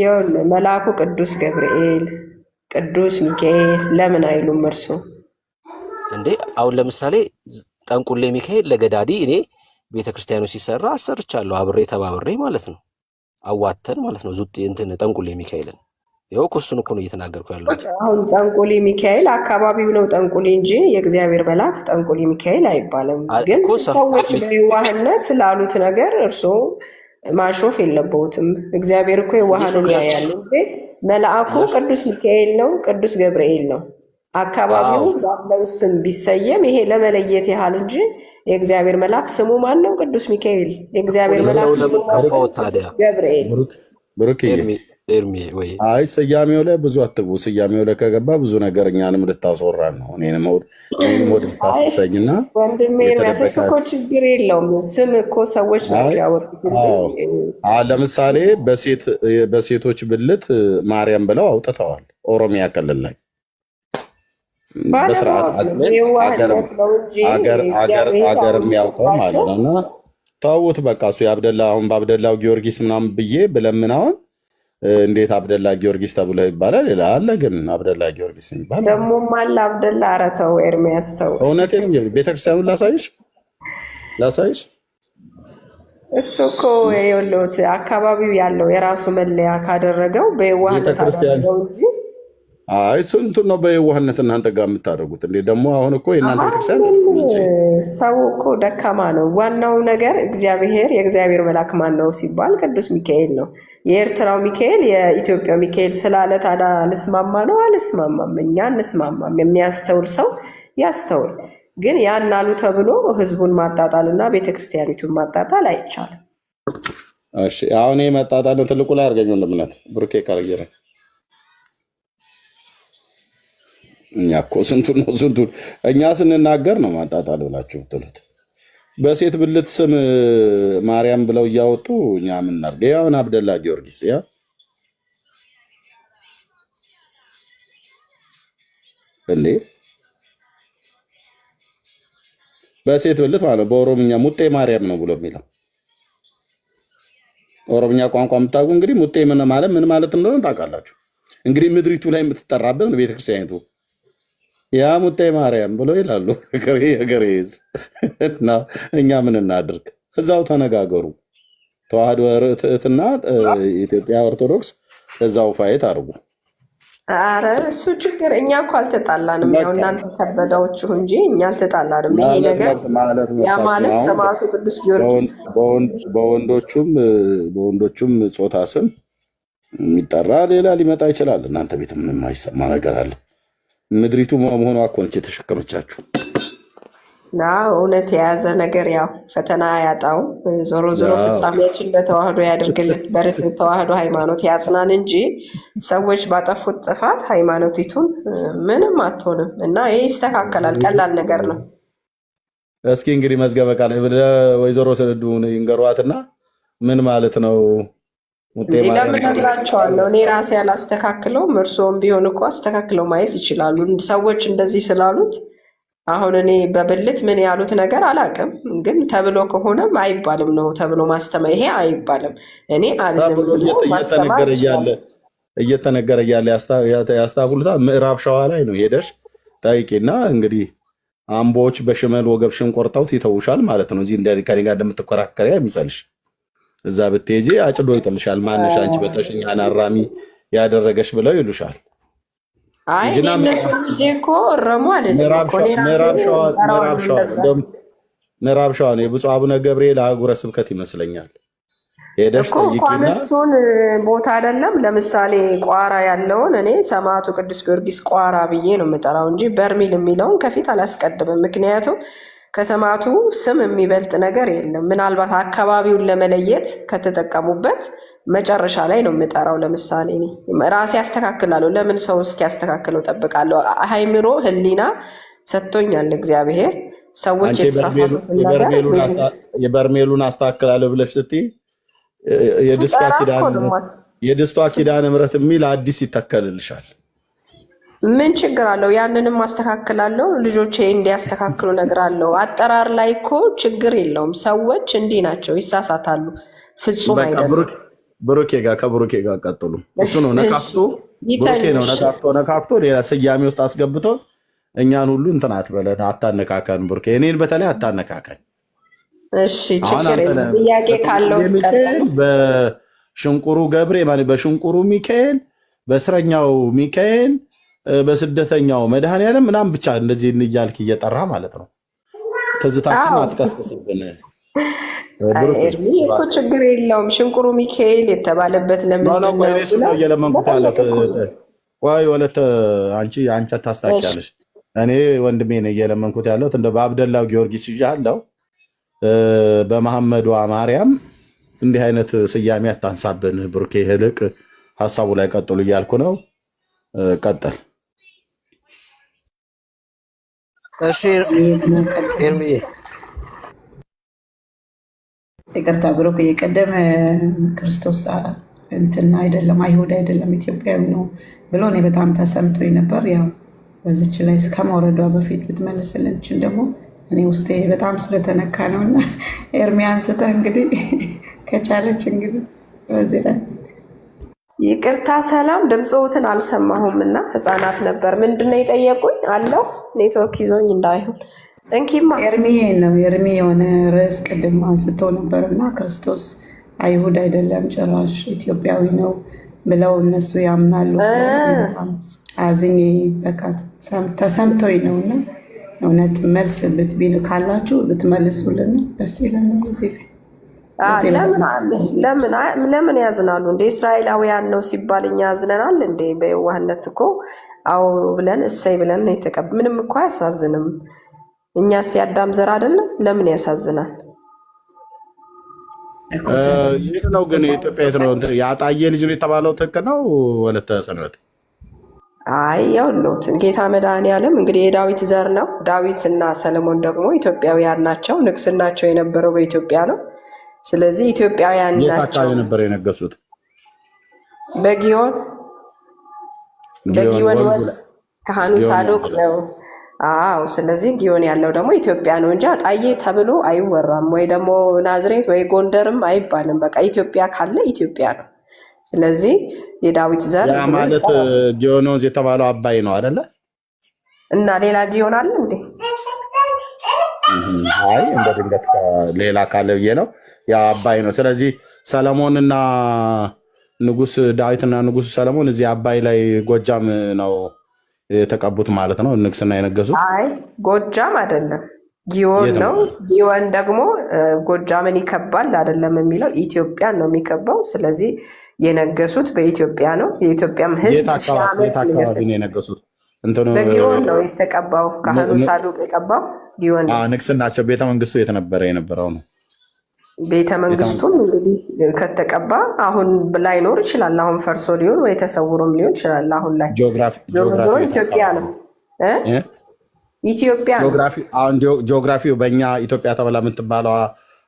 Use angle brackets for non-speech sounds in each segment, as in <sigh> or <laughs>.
ይኸውል መልአኩ ቅዱስ ገብርኤል፣ ቅዱስ ሚካኤል ለምን አይሉም? እርሱ እንዴ አሁን ለምሳሌ ጠንቁሌ ሚካኤል ለገዳዲ እኔ ቤተ ክርስቲያኑ ሲሰራ አሰርቻለሁ፣ አብሬ ተባብሬ ማለት ነው፣ አዋተን ማለት ነው። ዙጥ እንትን ጠንቁሌ ሚካኤልን ይኸው እሱን እኮ ነው እየተናገርኩ ያለሁት። አሁን ጠንቁሌ ሚካኤል አካባቢው ነው ጠንቁሌ እንጂ የእግዚአብሔር መልአክ ጠንቁሌ ሚካኤል አይባልም። ግን ሰዎች በዋህነት ላሉት ነገር እርሶ ማሾፍ የለበትም። እግዚአብሔር እኮ የዋሃንን ያያል። መልአኩ ቅዱስ ሚካኤል ነው፣ ቅዱስ ገብርኤል ነው። አካባቢው ባለው ስም ቢሰየም ይሄ ለመለየት ያህል እንጂ የእግዚአብሔር መልአክ ስሙ ማን ነው? ቅዱስ ሚካኤል። የእግዚአብሔር መልአክ ስሙ ገብርኤል አይ ስያሜው ላይ ብዙ አትግቡ። ስያሜው ላይ ከገባ ብዙ ነገር እኛንም ልታስወራን ነው፣ እኔንም ወደ ልታስሰኝ ወንድሜ የሚያሰሽ እኮ ችግር የለውም። ስም እኮ ሰዎች ናቸው ያወጡት። ለምሳሌ በሴቶች ብልት ማርያም ብለው አውጥተዋል። ኦሮሚያ ክልል ላይ በስርዓት አገር የሚያውቀው ማለት ነው። እና ተውት በቃ እሱ የአብደላ አሁን በአብደላው ጊዮርጊስ ምናምን ብዬ ብለምናውን እንዴት አብደላ ጊዮርጊስ ተብሎ ይባላል? አለ ግን አብደላ ጊዮርጊስ የሚባል ደግሞም አለ። አብደላ ኧረ ተው ኤርሚያስ ተው፣ እውነቴን ቤተክርስቲያኑን ላሳይሽ ላሳይሽ። እሱ እኮ የወለት አካባቢው ያለው የራሱ መለያ ካደረገው በየዋህነት አደረገው እንጂ አይ ስንቱን ነው በየዋህነት እናንተ ጋር የምታደርጉት እንዴ? ደግሞ አሁን እኮ የእናንተ ቤተክርስቲያን ሰው እኮ ደካማ ነው። ዋናው ነገር እግዚአብሔር የእግዚአብሔር መልአክ ማን ነው ሲባል ቅዱስ ሚካኤል ነው። የኤርትራው ሚካኤል የኢትዮጵያው ሚካኤል ስላለ ታዲያ ልስማማ ነው? አልስማማም። እኛ እንስማማም። የሚያስተውል ሰው ያስተውል። ግን ያን አሉ ተብሎ ህዝቡን ማጣጣል እና ቤተክርስቲያኒቱን ማጣጣል አይቻልም። አሁን መጣጣል ትልቁ ላይ አርገኝ ወንድምነት ብሩኬ እኛ እኮ ስንቱን ነው ስንቱን እኛ ስንናገር ነው ማጣጣል ብላችሁ ብትሉት በሴት ብልት ስም ማርያም ብለው እያወጡ እኛ ምናርገ ያሁን አብደላ ጊዮርጊስ ያ እንዴ በሴት ብልት ማለት በኦሮምኛ ሙጤ ማርያም ነው ብሎ የሚለው ኦሮምኛ ቋንቋ የምታውቁ እንግዲህ ሙጤ ምን ማለት ምን ማለት እንደሆነ ታውቃላችሁ። እንግዲህ ምድሪቱ ላይ የምትጠራበት ነው ቤተክርስቲያኒቱ ያ ሙጤ ማርያም ብሎ ይላሉ የገሬ <laughs> ህዝብ። እና እኛ ምን እናድርግ? እዛው ተነጋገሩ። ተዋህዶ ርትዕትና ኢትዮጵያ ኦርቶዶክስ እዛው ፋይት አድርጉ። አረ እሱ ችግር እኛ እኮ አልተጣላንም። ያው እናንተ ከበዳዎችሁ እንጂ እኛ አልተጣላንም። ይሄ ነገር ያ ማለት ሰማዕቱ ቅዱስ ጊዮርጊስ በወንዶቹም ጾታ ስም የሚጠራ ሌላ ሊመጣ ይችላል። እናንተ ቤት ምን ነገር አለ? ምድሪቱ መሆኗ እኮ ነች የተሸከመቻችሁ። እውነት የያዘ ነገር ያው ፈተና ያጣው ዞሮ ዞሮ ፍጻሜያችን በተዋህዶ ያደርግልን። በርትዕ ተዋህዶ ሃይማኖት ያጽናን እንጂ ሰዎች ባጠፉት ጥፋት ሃይማኖቲቱን ምንም አትሆንም እና ይህ ይስተካከላል። ቀላል ነገር ነው። እስኪ እንግዲህ መዝገበ ቃል ወይዘሮ ስንዱ ይንገሯትና ምን ማለት ነው? ለምነግራቸዋለሁ እኔ ራሴ ያላስተካክለውም። እርስዎም ቢሆን እኮ አስተካክለው ማየት ይችላሉ። ሰዎች እንደዚህ ስላሉት አሁን እኔ በብልት ምን ያሉት ነገር አላውቅም፣ ግን ተብሎ ከሆነም አይባልም ነው ተብሎ ማስተማ ይሄ አይባልም። እኔ እየተነገረ እያለ ያስታጉሉታል። ምዕራብ ሸዋ ላይ ነው ሄደሽ ጠይቂና እንግዲህ አምቦዎች በሽመል ወገብሽን ቆርጠውት ይተውሻል ማለት ነው። እዚህ ከኔ ጋር እንደምትከራከሪ አይምሰልሽ። እዛ ብትሄጂ አጭዶ ይጥልሻል። ማነሽ አንቺ በጠሽኛ አራሚ ያደረገሽ ብለው ይሉሻል። ምዕራብ ሸዋን አቡነ ገብርኤል አህጉረ ስብከት ይመስለኛል። ሄደሽ ጠይቂና ቦታ አይደለም። ለምሳሌ ቋራ ያለውን እኔ ሰማዕቱ ቅዱስ ጊዮርጊስ ቋራ ብዬ ነው የምጠራው እንጂ በርሜል የሚለውን ከፊት አላስቀድምም። ምክንያቱም ከሰማዕቱ ስም የሚበልጥ ነገር የለም። ምናልባት አካባቢውን ለመለየት ከተጠቀሙበት መጨረሻ ላይ ነው የምጠራው። ለምሳሌ እኔ ራሴ ያስተካክላለሁ። ለምን ሰው እስኪያስተካክለው ጠብቃለሁ? አይምሮ ህሊና ሰጥቶኛል እግዚአብሔር። ሰዎች የበርሜሉን አስተካክላለሁ ብለሽ ስትይ የድስቷ ኪዳነ ምሕረት የሚል አዲስ ይተከልልሻል። ምን ችግር አለው? ያንንም አስተካክላለሁ። ልጆቼ እንዲያስተካክሉ እነግራለሁ። አጠራር ላይ እኮ ችግር የለውም። ሰዎች እንዲህ ናቸው፣ ይሳሳታሉ። ፍጹም አይደለም። ብሩኬ ጋር ከብሩኬ ጋር ቀጥሉ። እሱ ነው ነካክቶ ብሩኬ ነው ነካክቶ ነካክቶ ሌላ ስያሜ ውስጥ አስገብቶ እኛን ሁሉ እንትን አትበለን፣ አታነካከን። ብሩኬ እኔን በተለይ አታነካከን። እሺ ጥያቄ ካለው በሽንቁሩ ገብሬ በሽንቁሩ ሚካኤል፣ በእስረኛው ሚካኤል በስደተኛው መድኃኒዓለም ምናምን ብቻ እንደዚህ እያልክ እየጠራ ማለት ነው። ትዝታችን አትቀስቅስብን እኮ ችግር የለውም። ሽንቁሩ ሚካኤል የተባለበት ለምንድነው እየለመንኩት ያለት ወይ ወለተ አንቺ አንቺ ታስታውቂያለሽ። እኔ ወንድሜ ነው እየለመንኩት ያለት እንደ በአብደላው ጊዮርጊስ ይዣ አለው በመሐመዷ ማርያም እንዲህ አይነት ስያሜ አታንሳብን ብሩኬ። ህልቅ ሀሳቡ ላይ ቀጥሉ እያልኩ ነው። ቀጠል እሺ ኤርሚዬ ይቅርታ ብሮክ የቀደመ ክርስቶስ እንትና አይደለም አይሁድ አይደለም ኢትዮጵያዊ ነው ብሎ እኔ በጣም ተሰምቶኝ ነበር። ያው በዚች ላይ ከመውረዷ በፊት ብትመልስልንችን ደግሞ እኔ ውስጤ በጣም ስለተነካ ነው እና ኤርሚ አንስተ እንግዲህ ከቻለች እንግዲህ በዚህ ላይ ይቅርታ ሰላም ድምፆትን አልሰማሁም እና ህፃናት ነበር ምንድነው የጠየቁኝ አለው ኔትወርክ ይዞኝ እንዳይሆን እንኪማ ኤርሚ ነው ኤርሜ የሆነ ርዕስ ቅድም አንስቶ ነበር እና ክርስቶስ አይሁድ አይደለም ጭራሽ ኢትዮጵያዊ ነው ብለው እነሱ ያምናሉ። በጣም በቃ ተሰምቶኝ ነው እና እውነት መልስ ብትቢል ካላችሁ ብትመልሱልን ደስ ይለናል። እዚህ ለምን ያዝናሉ እንዴ? እስራኤላውያን ነው ሲባል እኛ ያዝነናል እንዴ? በየዋህነት እኮ አዎ ብለን እሰይ ብለን ነው የተቀብ ምንም እኮ አያሳዝንም። እኛ ሲያዳም ዘር አይደለም ለምን ያሳዝናል? የት ነው ግን ኢትዮጵያ የት ነው የአጣዬ ልጅ የተባለው ትክክል ነው? ወለተ ሰንበት አይ ያውሎት ጌታ መድኃኔዓለም እንግዲህ የዳዊት ዘር ነው። ዳዊት እና ሰለሞን ደግሞ ኢትዮጵያውያን ናቸው። ንግስናቸው የነበረው በኢትዮጵያ ነው። ስለዚህ ኢትዮጵያውያን ናቸው። የነበረው የነገሱት? በጊዮን በጊዮን ወንዝ ካህኑ ሳዶቅ ነው። አዎ ስለዚህ ጊዮን ያለው ደግሞ ኢትዮጵያ ነው እንጂ አጣዬ ተብሎ አይወራም፣ ወይ ደግሞ ናዝሬት ወይ ጎንደርም አይባልም። በቃ ኢትዮጵያ ካለ ኢትዮጵያ ነው። ስለዚህ የዳዊት ዘር ማለት ጊዮን ወንዝ የተባለው አባይ ነው አይደለ? እና ሌላ ጊዮን አለ እንዴ? አይ እንደ ድንገት ሌላ ካለ ብዬ ነው። ያ አባይ ነው። ስለዚህ ሰለሞንና ንጉስ ዳዊትና ንጉስ ሰለሞን እዚህ አባይ ላይ ጎጃም ነው የተቀቡት ማለት ነው። ንግስና የነገሱት አይ ጎጃም አይደለም ጊዮን ነው። ጊዮን ደግሞ ጎጃምን ይከባል አይደለም የሚለው ኢትዮጵያን ነው የሚከባው። ስለዚህ የነገሱት በኢትዮጵያ ነው። የኢትዮጵያም ሕዝብ የነገሱት በጊዮን ነው የተቀባው። ካህኑ ሳዱቅ የቀባው ጊዮን። ንግስናቸው ቤተመንግስቱ የተነበረ የነበረው ነው። ቤተመንግስቱም እንግዲህ ከተቀባ አሁን ላይኖር ይችላል። አሁን ፈርሶ ሊሆን ወይ ተሰውሮም ሊሆን ይችላል። አሁን ላይ ኢትዮጵያ ነው ኢትዮጵያ ጂኦግራፊው በእኛ ኢትዮጵያ ተብላ የምትባለው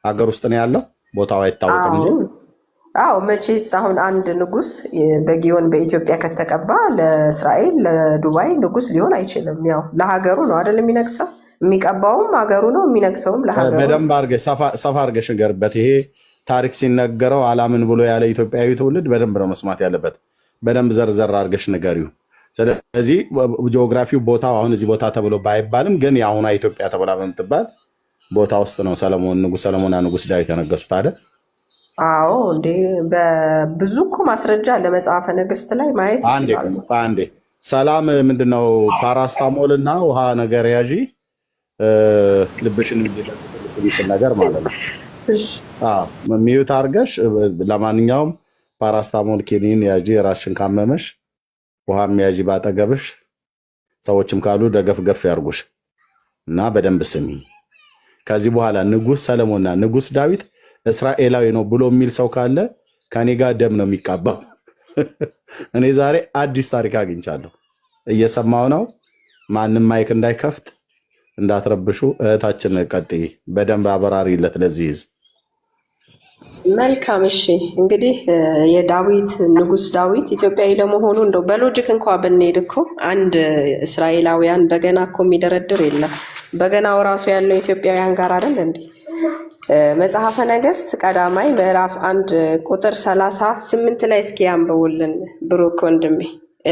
ሀገር ውስጥ ነው ያለው። ቦታው አይታወቅም እንጂ አዎ፣ መቼስ አሁን አንድ ንጉስ በጊዮን በኢትዮጵያ ከተቀባ ለእስራኤል ለዱባይ ንጉስ ሊሆን አይችልም። ያው ለሀገሩ ነው አይደል የሚነግሰው የሚቀባውም ሀገሩ ነው የሚነግሰውም ለሀገሩ። በደንብ አድርገሽ ሰፋ አድርገሽ ንገርበት ይሄ ታሪክ ሲነገረው አላምን ብሎ ያለ ኢትዮጵያዊ ትውልድ በደንብ ነው መስማት ያለበት። በደንብ ዘርዘር አድርገሽ ንገሪው። ስለዚህ ጂኦግራፊው ቦታው አሁን እዚህ ቦታ ተብሎ ባይባልም ግን የአሁኗ ኢትዮጵያ ተብላ በምትባል ቦታ ውስጥ ነው ሰለሞን ንጉስ ሰለሞና ንጉስ ዳዊት የተነገሱት አይደል? አዎ እንዴ በብዙ እኮ ማስረጃ ለመጽሐፈ ነገስት ላይ ማየት አንዴ ሰላም ምንድነው ፓራስታሞል እና ውሃ ነገር ያዢ ልብሽን ነገር ማለት ነው ሚዩት አርገሽ ለማንኛውም ፓራስታሞል ኪኒን ያዢ፣ ራስሽን ካመመሽ ውሃም ያዢ ባጠገብሽ። ሰዎችም ካሉ ደገፍገፍ ያርጉሽ እና በደንብ ስሚ። ከዚህ በኋላ ንጉስ ሰለሞንና ንጉስ ዳዊት እስራኤላዊ ነው ብሎ የሚል ሰው ካለ ከኔ ጋር ደም ነው የሚቃባው። <laughs> እኔ ዛሬ አዲስ ታሪክ አግኝቻለሁ፣ እየሰማው ነው። ማንም ማይክ እንዳይከፍት እንዳትረብሹ። እህታችን ቀጤ በደንብ አበራሪለት ለዚህ ህዝብ። መልካም እሺ። እንግዲህ የዳዊት ንጉስ ዳዊት ኢትዮጵያዊ ለመሆኑ እንደው በሎጂክ እንኳ ብንሄድ እኮ አንድ እስራኤላውያን በገና እኮ የሚደረድር የለም። በገናው ራሱ ያለው ኢትዮጵያውያን ጋር አይደል እንዴ? መጽሐፈ ነገስት ቀዳማይ ምዕራፍ አንድ ቁጥር ሰላሳ ስምንት ላይ እስኪ ያንብቡልን ብሩክ ወንድሜ።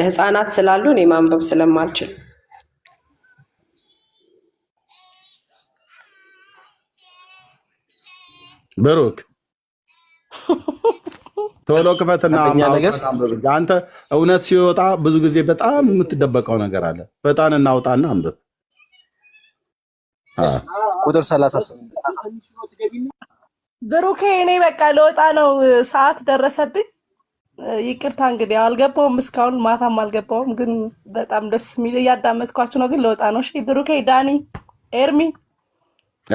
ህፃናት ስላሉ እኔ ማንበብ ስለማልችል ብሩክ ቶሎ ክፈትና አንተ እውነት ሲወጣ ብዙ ጊዜ በጣም የምትደበቀው ነገር አለ። በጣም እናውጣና አንብብ። ቁጥር ሰላሳ ብሩኬ፣ እኔ በቃ ለወጣ ነው፣ ሰዓት ደረሰብኝ። ይቅርታ እንግዲህ አልገባውም፣ እስካሁን ማታም አልገባውም፣ ግን በጣም ደስ የሚል እያዳመጥኳችሁ ነው፣ ግን ለወጣ ነው። ብሩኬ፣ ዳኒ፣ ኤርሚ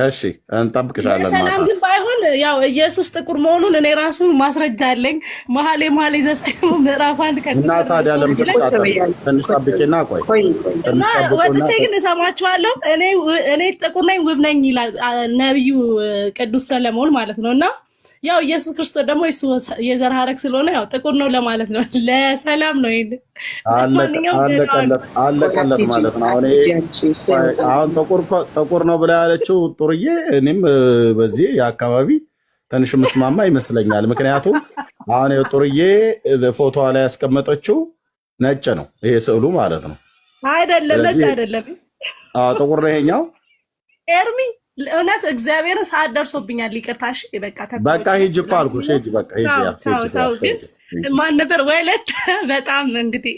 እሺ እንጠብቅሻለን። ሰላም ግን ባይሆን ያው ኢየሱስ ጥቁር መሆኑን እኔ ራሱ ማስረጃ አለኝ። መሀሌ መሀሌ ዘሰሙ ምዕራፍ አንድ እና ታዲያ ለምትንሽ ጠብቄና ቆይ እና ወጥቼ ግን እሰማችኋለሁ። እኔ ጥቁር ነኝ ውብ ነኝ ይላል ነቢዩ ቅዱስ ሰለሞን ማለት ነው እና ያው ኢየሱስ ክርስቶስ ደግሞ እሱ የዘር ስለሆነ ያው ጥቁር ነው ለማለት ነው። <laughs> ለሰላም ነው። ይሄን አለቀለት ማለት ነው። አሁን ጥቁር ነው ብላ ያለችው ጥሩዬ፣ እኔም በዚህ የአካባቢ ትንሽ ምስማማ ይመስለኛል። ምክንያቱም አሁን ጥሩዬ ፎቶዋ ላይ ያስቀመጠችው ነጭ ነው። ይሄ ስዕሉ ማለት ነው። አይደለም ነጭ አይደለም፣ ጥቁር ነው ይሄኛው ኤርሚ እውነት እግዚአብሔር ሰዓት ደርሶብኛል። ይቅርታ እሺ፣ በቃ በቃ ሂጂ እኮ አልኩሽ። ሂጂ በቃ ሂጂ። ተው ግን ማን ነበር ወይለት? <laughs> በጣም እንግዲህ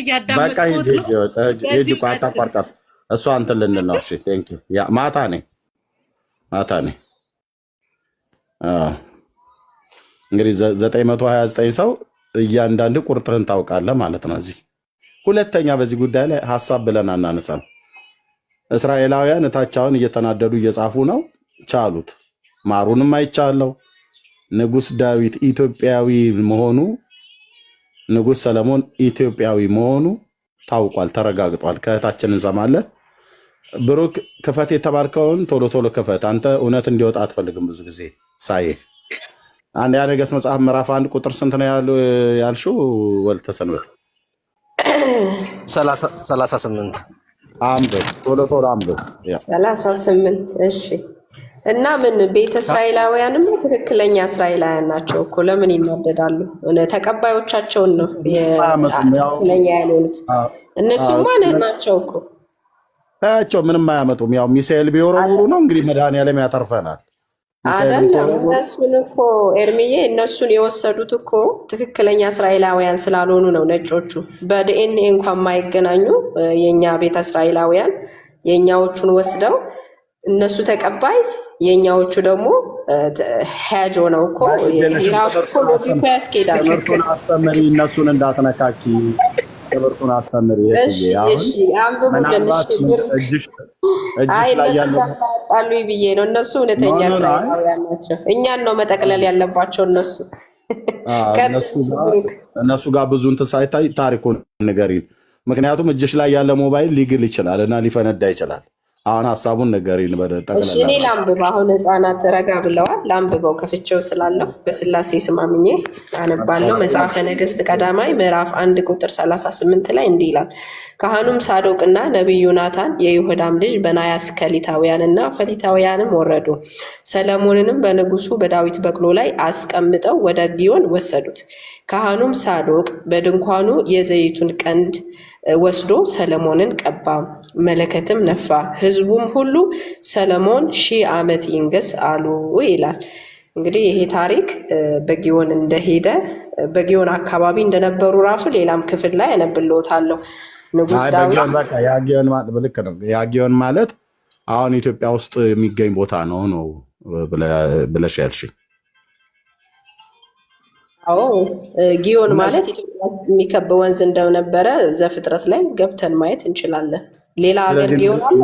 እያዳመጥኩት ነው። በቃ ሂጂ ሂጂ፣ አታቋርጣት። እሷ እንትን ልንል ነው። እሺ ቴንክ ዩ። ያ ማታ ነኝ ማታ ነኝ። እንግዲህ ዘጠኝ መቶ ሀያ ዘጠኝ ሰው እያንዳንድ ቁርጥህን ታውቃለህ ማለት ነው። እዚህ ሁለተኛ በዚህ ጉዳይ ላይ ሀሳብ ብለን አናነሳም። እስራኤላውያን እታቻውን እየተናደዱ እየጻፉ ነው። ቻሉት። ማሩንም አይቻለው። ንጉስ ዳዊት ኢትዮጵያዊ መሆኑ ንጉስ ሰለሞን ኢትዮጵያዊ መሆኑ ታውቋል፣ ተረጋግጧል። ከእህታችን እንሰማለን። ብሩክ ክፈት የተባልከውን ቶሎ ቶሎ ክፈት። አንተ እውነት እንዲወጣ አትፈልግም። ብዙ ጊዜ ሳይህ አንድ ያነገሥት መጽሐፍ ምዕራፍ አንድ ቁጥር ስንት ነው ያሉ ያልሽው? ወልተሰንበት ሰላሳ ስምንት አንብብ፣ ቶሎ ቶሎ አንብብ። ሰላሳ ስምንት እሺ። እና ምን ቤተ እስራኤላውያንም ትክክለኛ እስራኤላውያን ናቸው እኮ ለምን ይናደዳሉ? ተቀባዮቻቸውን ነው ትክክለኛ ያልሆኑት። እነሱማ ናቸው እኮ ያቸው ምንም አያመጡም። ያው ሚሳኤል ቢወረውሩ ነው እንግዲህ ያለም ያተርፈናል። አይደለም እነሱን እኮ ኤርሚዬ እነሱን የወሰዱት እኮ ትክክለኛ እስራኤላውያን ስላልሆኑ ነው። ነጮቹ በዲኤንኤ እንኳን የማይገናኙ የእኛ ቤተ እስራኤላውያን የእኛዎቹን ወስደው እነሱ ተቀባይ የእኛዎቹ ደግሞ ሄጅ ሆነው እኮ ራሱ እኮ ሎጂኮ ያስኬዳል። እነሱን እንዳትነካኪ ብርቱን አስተምር። ይጣሉ ብዬ ነው። እነሱ እውነተኛ እስራኤላውያን ናቸው። እኛን ነው መጠቅለል ያለባቸው እነሱ እነሱ ጋር ብዙ እንትን ሳይታይ ታሪኩን ንገሪን። ምክንያቱም እጅሽ ላይ ያለ ሞባይል ሊግል ይችላል እና ሊፈነዳ ይችላል። አሁን ሀሳቡን ንገሪን። እኔ ላንብበው። አሁን ህፃናት ረጋ ብለዋል። ላንብበው ከፍቼው ስላለው በስላሴ ስማምኜ አነባለሁ። መጽሐፈ ነገስት ቀዳማይ ምዕራፍ አንድ ቁጥር 38 ላይ እንዲህ ይላል። ካህኑም ሳዶቅና ነቢዩ ናታን የይሁዳም ልጅ በናያስ ከሊታውያንና ፈሊታውያንም ወረዱ። ሰለሞንንም በንጉሱ በዳዊት በቅሎ ላይ አስቀምጠው ወደ ጊዮን ወሰዱት። ካህኑም ሳዶቅ በድንኳኑ የዘይቱን ቀንድ ወስዶ ሰለሞንን ቀባ፣ መለከትም ነፋ። ህዝቡም ሁሉ ሰለሞን ሺህ ዓመት ይንገስ አሉ ይላል። እንግዲህ ይሄ ታሪክ በጊዮን እንደሄደ በጊዮን አካባቢ እንደነበሩ ራሱ ሌላም ክፍል ላይ ያነብልዎታለሁ። ንጉሥ ማለት አሁን ኢትዮጵያ ውስጥ የሚገኝ ቦታ ነው ነው ብለሽ ያልሽኝ አዎ ጊዮን ማለት ኢትዮጵያ የሚከብ ወንዝ እንደነበረ ዘፍጥረት ላይ ገብተን ማየት እንችላለን። ሌላ ሀገር ጊዮን አለ።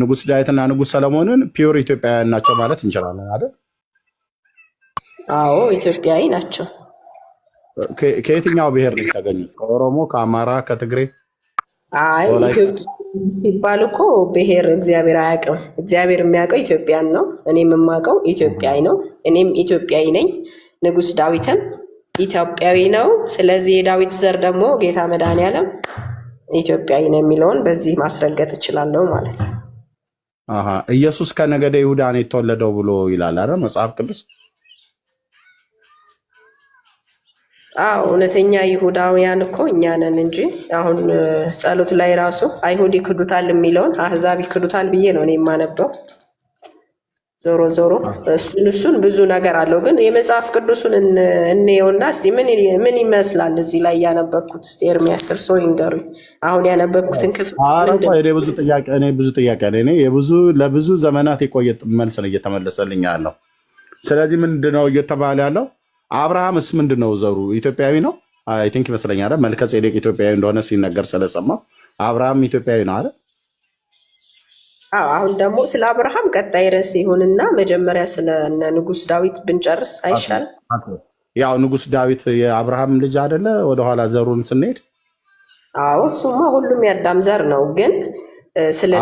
ንጉሥ ዳዊትና ንጉስ ሰለሞንን ፒዮር ኢትዮጵያውያን ናቸው ማለት እንችላለን አይደል? አዎ ኢትዮጵያዊ ናቸው። ከየትኛው ብሔር ነው ከኦሮሞ፣ ከአማራ፣ ከትግሬ? አይ ኢትዮጵያ ሲባል እኮ ብሔር እግዚአብሔር አያውቅም። እግዚአብሔር የሚያውቀው ኢትዮጵያን ነው። እኔም የማውቀው ኢትዮጵያዊ ነው። እኔም ኢትዮጵያዊ ነኝ። ንጉስ ዳዊትም ኢትዮጵያዊ ነው። ስለዚህ የዳዊት ዘር ደግሞ ጌታ መድኃኔዓለም ኢትዮጵያዊ ነው የሚለውን በዚህ ማስረገጥ እችላለሁ ማለት ነው። ኢየሱስ ከነገደ ይሁዳ ነው የተወለደው ብሎ ይላል አረ መጽሐፍ ቅዱስ። አዎ እውነተኛ ይሁዳውያን እኮ እኛ ነን እንጂ አሁን ጸሎት ላይ ራሱ አይሁድ ይክዱታል የሚለውን አህዛብ ይክዱታል ብዬ ነው እኔ የማነበው። ዞሮ ዞሮ እሱን እሱን ብዙ ነገር አለው። ግን የመጽሐፍ ቅዱሱን እንየውና እስኪ ምን ይመስላል እዚህ ላይ ያነበብኩት ስ ኤርሚያስ እርሶ ይንገሩኝ። አሁን ያነበብኩትን ክፍል ብዙ ጥያቄ እኔ የብዙ ለብዙ ዘመናት የቆየ መልስ ነው እየተመለሰልኝ ያለው። ስለዚህ ምንድነው እየተባለ ያለው? አብርሃምስ ምንድነው ዘሩ? ኢትዮጵያዊ ነው አይ ቲንክ ይመስለኛል። መልከ ጼዴቅ ኢትዮጵያዊ እንደሆነ ሲነገር ስለሰማ አብርሃም ኢትዮጵያዊ ነው አለ አሁን ደግሞ ስለ አብርሃም ቀጣይ ርዕስ ይሁንና መጀመሪያ ስለ ንጉስ ዳዊት ብንጨርስ አይሻልም? ያው ንጉስ ዳዊት የአብርሃም ልጅ አይደለ? ወደኋላ ዘሩን ስንሄድ አዎ፣ እሱማ ሁሉም የአዳም ዘር ነው። ግን ስለ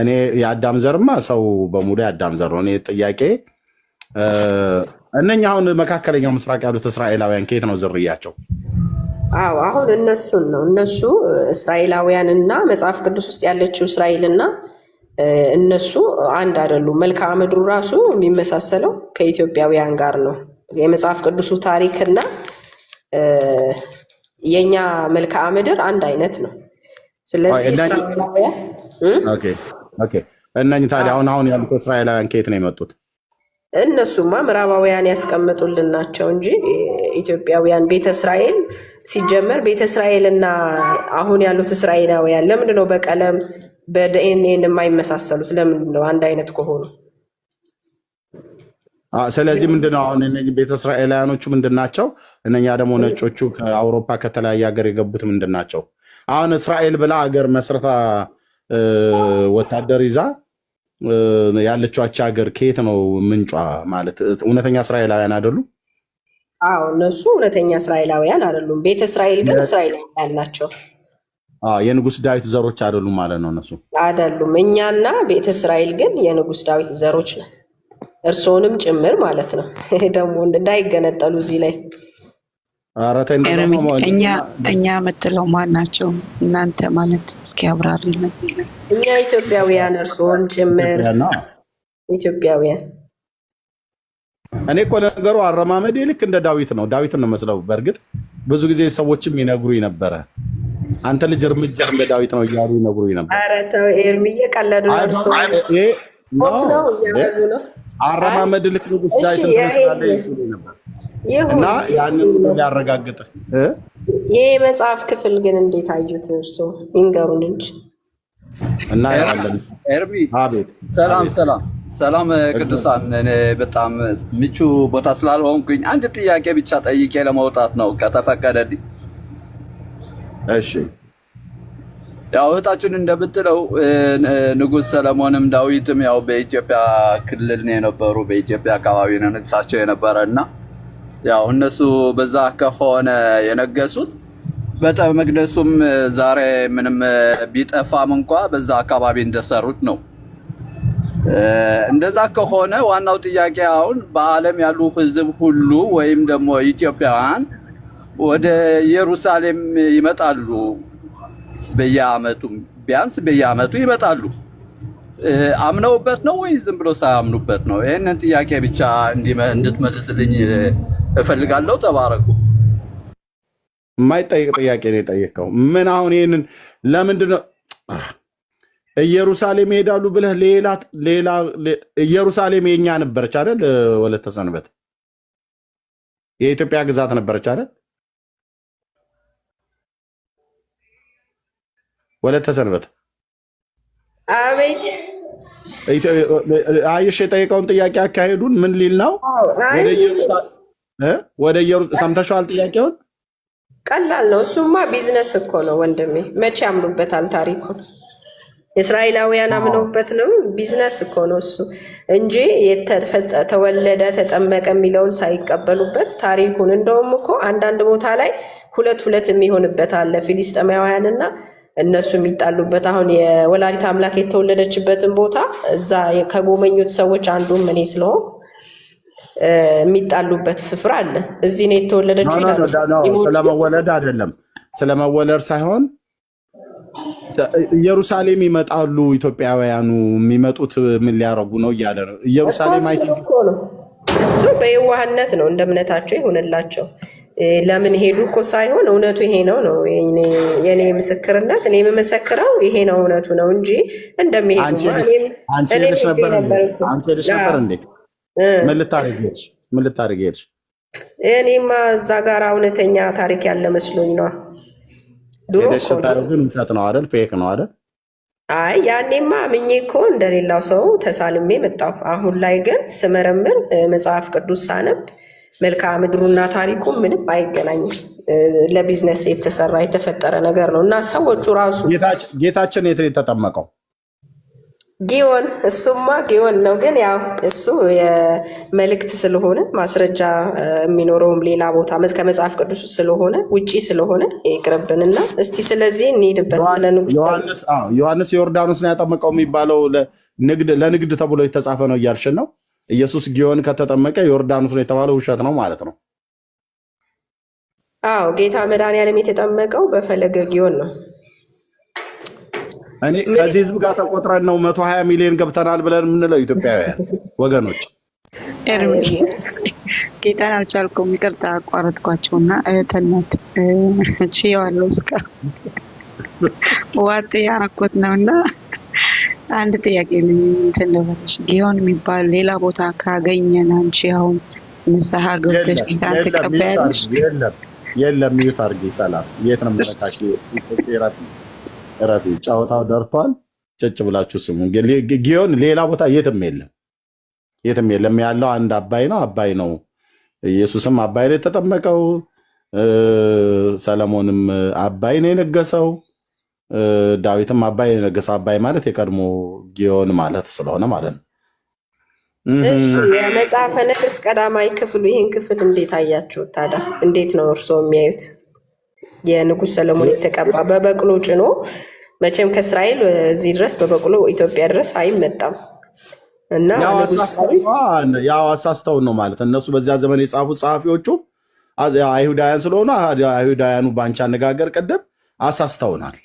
እኔ የአዳም ዘርማ ሰው በሙሉ የአዳም ዘር ነው። እኔ ጥያቄ እነኛ አሁን መካከለኛው ምስራቅ ያሉት እስራኤላውያን ከየት ነው ዝርያቸው? አዎ አሁን እነሱን ነው እነሱ እስራኤላውያን እና መጽሐፍ ቅዱስ ውስጥ ያለችው እስራኤል እና እነሱ አንድ አይደሉም። መልክዓ ምድሩ ራሱ የሚመሳሰለው ከኢትዮጵያውያን ጋር ነው። የመጽሐፍ ቅዱሱ ታሪክና የእኛ መልክዓ ምድር አንድ አይነት ነው። ስለዚህ እነኝ ታዲያ አሁን አሁን ያሉት እስራኤላውያን ከየት ነው የመጡት? እነሱማ ምዕራባውያን ያስቀመጡልን ናቸው እንጂ ኢትዮጵያውያን ቤተ እስራኤል ሲጀመር ቤተ እስራኤልና አሁን ያሉት እስራኤላውያን ለምንድን ነው በቀለም በዲኤንኤን የማይመሳሰሉት? ለምንድን ነው አንድ አይነት ከሆኑ? ስለዚህ ምንድን ነው አሁን ቤተ እስራኤላውያኖቹ ምንድን ናቸው? እነኛ ደግሞ ነጮቹ ከአውሮፓ ከተለያየ ሀገር የገቡት ምንድን ናቸው? አሁን እስራኤል ብላ ሀገር መስረታ ወታደር ይዛ ያለችው ሀገር ከየት ነው ምንጯ? ማለት እውነተኛ እስራኤላውያን አይደሉም? አዎ እነሱ እውነተኛ እስራኤላውያን አይደሉም። ቤተ እስራኤል ግን እስራኤላውያን ናቸው። የንጉስ ዳዊት ዘሮች አይደሉም ማለት ነው። እነሱ አይደሉም። እኛና ቤተ እስራኤል ግን የንጉስ ዳዊት ዘሮች ነን፣ እርስዎንም ጭምር ማለት ነው። <laughs> ደግሞ እንዳይገነጠሉ እዚህ ላይ እኛ የምትለው ማን ናቸው? እናንተ ማለት እስኪ አብራሪ። እኛ ኢትዮጵያውያን፣ እርስዎም ጭምር ኢትዮጵያውያን እኔ እኮ ነገሩ አረማመዴ ልክ እንደ ዳዊት ነው። ዳዊትን ነው መስለው። በእርግጥ ብዙ ጊዜ ሰዎችም ይነግሩኝ ነበረ አንተ ልጅ እርምጃ እንደ ዳዊት ነው እያሉ ይነግሩኝ ነበር። አረማመድ ልክ ንጉስ ዳዊትን ትመስላለህ ያንን ያረጋግጥ። ይህ መጽሐፍ ክፍል ግን እንዴት አዩት እርሶ? ይንገሩን እንጂ እና ያለ ኤርሚ አቤት ሰላም ሰላም ሰላም ቅዱሳን፣ እኔ በጣም ምቹ ቦታ ስላልሆንኩኝ አንድ ጥያቄ ብቻ ጠይቄ ለመውጣት ነው ከተፈቀደልኝ። እሺ። ያው እህታችን እንደምትለው ንጉሥ ሰለሞንም ዳዊትም ያው በኢትዮጵያ ክልል ነው የነበሩ፣ በኢትዮጵያ አካባቢ ነው ንግሳቸው የነበረ እና ያው እነሱ በዛ ከሆነ የነገሱት ቤተ መቅደሱም ዛሬ ምንም ቢጠፋም እንኳ በዛ አካባቢ እንደሰሩት ነው እንደዛ ከሆነ ዋናው ጥያቄ አሁን በዓለም ያሉ ህዝብ ሁሉ ወይም ደግሞ ኢትዮጵያውያን ወደ ኢየሩሳሌም ይመጣሉ። በየአመቱም ቢያንስ በየአመቱ ይመጣሉ። አምነውበት ነው ወይ ዝም ብሎ ሳያምኑበት ነው? ይህንን ጥያቄ ብቻ እንድትመልስልኝ እፈልጋለሁ። ተባረኩ። የማይጠይቅ ጥያቄ ነው የጠየቀው። ምን አሁን ይህንን ለምንድን ነው ኢየሩሳሌም ይሄዳሉ ብለህ ሌላ ሌላ ኢየሩሳሌም የኛ ነበረች አይደል? ወለተ ሰንበት የኢትዮጵያ ግዛት ነበረች አይደል? ወለተ ሰንበት አቤት። አየሽ የጠየቀውን ጥያቄ አካሄዱን ምን ሊል ነው? ወደ ኢየሩሳሌም ወደ ኢየሩሳሌም ሰምተሽዋል? ጥያቄውን ቀላል ነው እሱማ። ቢዝነስ እኮ ነው ወንድሜ። መቼ ያምኑበታል ታሪኩን እስራኤላውያን አምነውበት ነው። ቢዝነስ እኮ ነው እሱ እንጂ ተወለደ ተጠመቀ የሚለውን ሳይቀበሉበት ታሪኩን። እንደውም እኮ አንዳንድ ቦታ ላይ ሁለት ሁለት የሚሆንበት አለ ፊሊስጠማውያን እና እነሱ የሚጣሉበት አሁን የወላዲት አምላክ የተወለደችበትን ቦታ እዛ ከጎመኙት ሰዎች አንዱም እኔ ስለሆንኩ የሚጣሉበት ስፍራ አለ። እዚህ ነው የተወለደችው። ስለመወለድ አይደለም ስለመወለድ ሳይሆን ኢየሩሳሌም ይመጣሉ ኢትዮጵያውያኑ። የሚመጡት ምን ሊያረጉ ነው እያለ ነው። ኢየሩሳሌም እሱ በየዋህነት ነው። እንደ እምነታቸው ይሆንላቸው። ለምን ሄዱ እኮ ሳይሆን እውነቱ ይሄ ነው ነው የኔ ምስክርነት። እኔ የምመሰክረው ይሄ ነው እውነቱ ነው እንጂ እንደሚሄዱ እኔማ እዛ ጋር እውነተኛ ታሪክ ያለ መስሎኝ ነዋ። ሄደሽ ግን ውሸት ነው አይደል? ፌክ ነው አይደል? አይ ያኔማ አምኜ እኮ እንደሌላው ሰው ተሳልሜ መጣሁ። አሁን ላይ ግን ስመረምር መጽሐፍ ቅዱስ ሳነብ መልክዓ ምድሩና ታሪኩ ምንም አይገናኝም። ለቢዝነስ የተሰራ የተፈጠረ ነገር ነው እና ሰዎቹ ራሱ ጌታችን የት ነው የተጠመቀው? ጊዮን እሱማ ጊዮን ነው። ግን ያው እሱ የመልእክት ስለሆነ ማስረጃ የሚኖረውም ሌላ ቦታ ከመጽሐፍ ቅዱስ ስለሆነ ውጪ ስለሆነ ይቅርብን እና እስቲ ስለዚህ እንሄድበት። ስለ ዮሐንስ ዮርዳኖስን ያጠመቀው የሚባለው ለንግድ ተብሎ የተጻፈ ነው እያልሽን ነው። ኢየሱስ ጊዮን ከተጠመቀ ዮርዳኖስ ነው የተባለው ውሸት ነው ማለት ነው። አዎ ጌታ መድኃኔዓለም የተጠመቀው በፈለገ ጊዮን ነው። እኔ ከዚህ ህዝብ ጋር ተቆጥረን ነው መቶ ሀያ ሚሊዮን ገብተናል ብለን የምንለው ኢትዮጵያውያን ወገኖች። ጌታን አልቻልኩም፣ ይቅርታ እና እህትነት ችየዋለሁ። እስከ ዋጥ ያረኮት ነው እና አንድ ጥያቄ እንትን ልበለሽ፣ ጊዮን የሚባል ሌላ ቦታ ካገኘን አንቺ አሁን ንስሐ ገብተሽ ጌታን ትቀበያለሽ? የለም የለም፣ ሚዩት ሰላም። የት ነው ምረካ ራት ነው እረፊ። ጨዋታው ደርቷል። ጭጭ ብላችሁ ስሙ። ጊዮን ሌላ ቦታ የትም የለም፣ የትም የለም ያለው አንድ አባይ ነው። አባይ ነው። ኢየሱስም አባይ ነው የተጠመቀው። ሰለሞንም አባይ ነው የነገሰው። ዳዊትም አባይ ነው የነገሰው። አባይ ማለት የቀድሞ ጊዮን ማለት ስለሆነ ማለት ነው። የመጽሐፈ ነገሥት ቀዳማዊ ክፍሉ ይህን ክፍል እንዴት አያችሁት ታዲያ? እንዴት ነው እርስዎ የሚያዩት? የንጉሥ ሰለሞን የተቀባ በበቅሎ ጭኖ መቼም ከእስራኤል እዚህ ድረስ በበቅሎ ኢትዮጵያ ድረስ አይመጣም እና ያው አሳስተውን ነው ማለት እነሱ በዚያ ዘመን የጻፉ ጸሐፊዎቹ አይሁዳውያን ስለሆኑ አይሁዳውያኑ በአንቺ አነጋገር ቀደም አሳስተውናል።